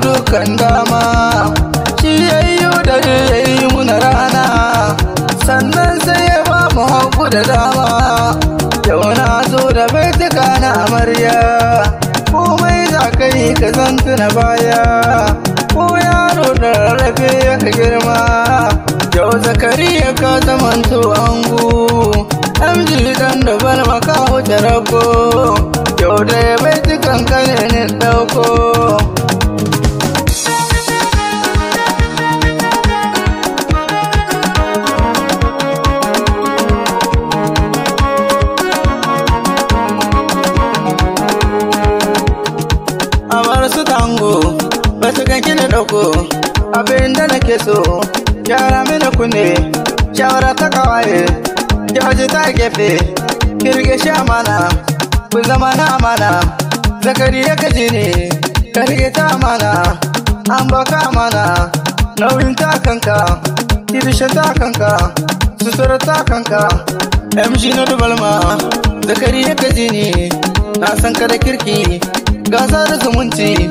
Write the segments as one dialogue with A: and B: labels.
A: Dukan dama shi yayyo da yayi muna rana sannan sai ya ba mu hanku da dama yau na zo da baituka na amarya komai za ka yi ka baya ko yaro da rarrafe ya girma yau zakariya ka zamanto angu amji dan da bar ka wuce rago yau da ya baitukan ne dauko jiki na dauko abin da nake so gyara mini kunne shawara ta kawaye jaji ta gefe kirge shi amana ku zama na amana zakari ya kaji ne ka ta amana an baka amana nauyin ta kanka kirishin ta kanka sutura ta kanka mg na dubalma zakari ya kaji ne na san ka da kirki gasa da zumunci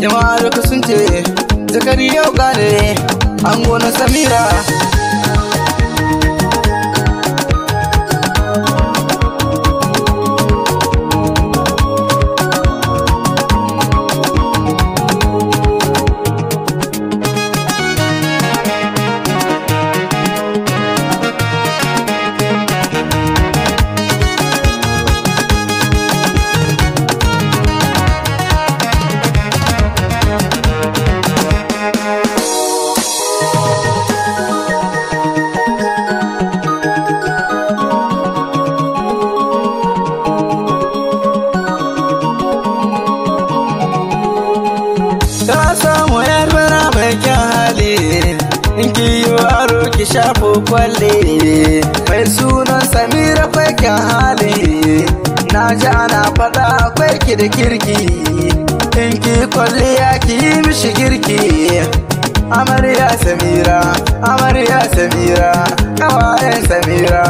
A: jama'a da sun ce zakari yau gane an gona samira ki shafo kwalle mai sunan samira kwai hali na ji ana faɗa akwai ki da kirki in ki kwalliya ki yi mishi kirki? amarya samira amarya samira kawayen samira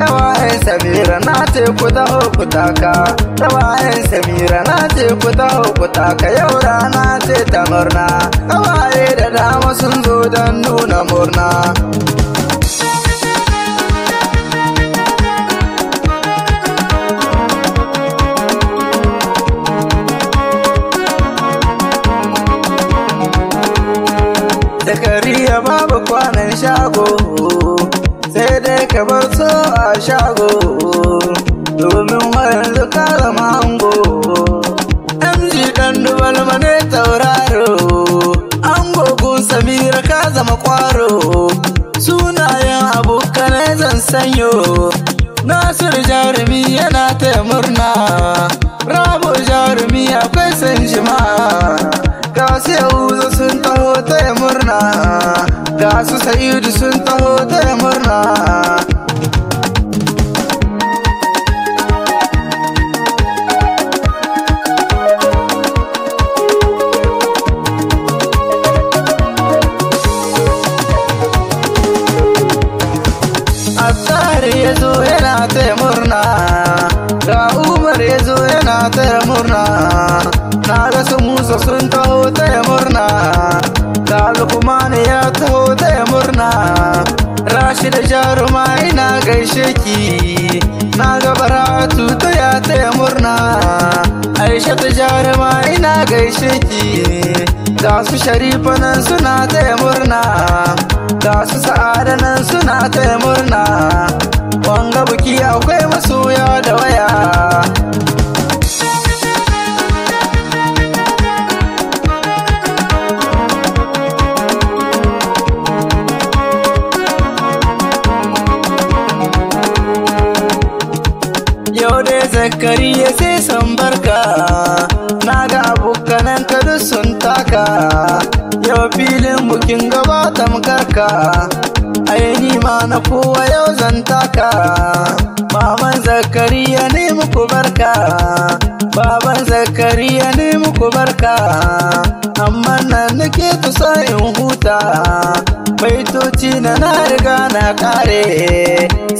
A: kawayen samira na ce ku da ku taka kawayen samira na ce ku da ku taka yau rana ce ta murna kawaye da dama sun zo don nuna murna shirya babu kwanan shago sai dai ka bar so a shago domin wayan zuka zama ango mg dan dubal mane tauraro ango gun samira ka zama kwaro sunayen abokanai zan sanyo nasir jarumi yana ta murna rabo jarumi akwai sanjima ka sai uzo sun taho ta murna आता रे जो आहे ना ते काउ मरे जो आहे ना तया मुरनास मूस सुनतो ते मुरना Da alkumani ya taho da murna rashi da jaruma na gaishe ki na gabara tuta ya taya murna aisha ta jaruma ina gaishe ki ga su sharifa nan suna taya murna ga su sa'ada nan suna taya murna sai san barka na ga abokanan ka sun taka yau filin bukin gaba tamkarka ai ni ma na kowa yau zan taka maman zakariya ne ku barka baban zakariya ne ku barka amma nan nake tusa in huta baitoci na na riga na kare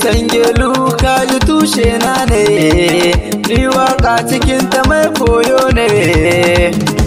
A: sange luka yi tushe na ne ni waka cikin ta mai koyo ne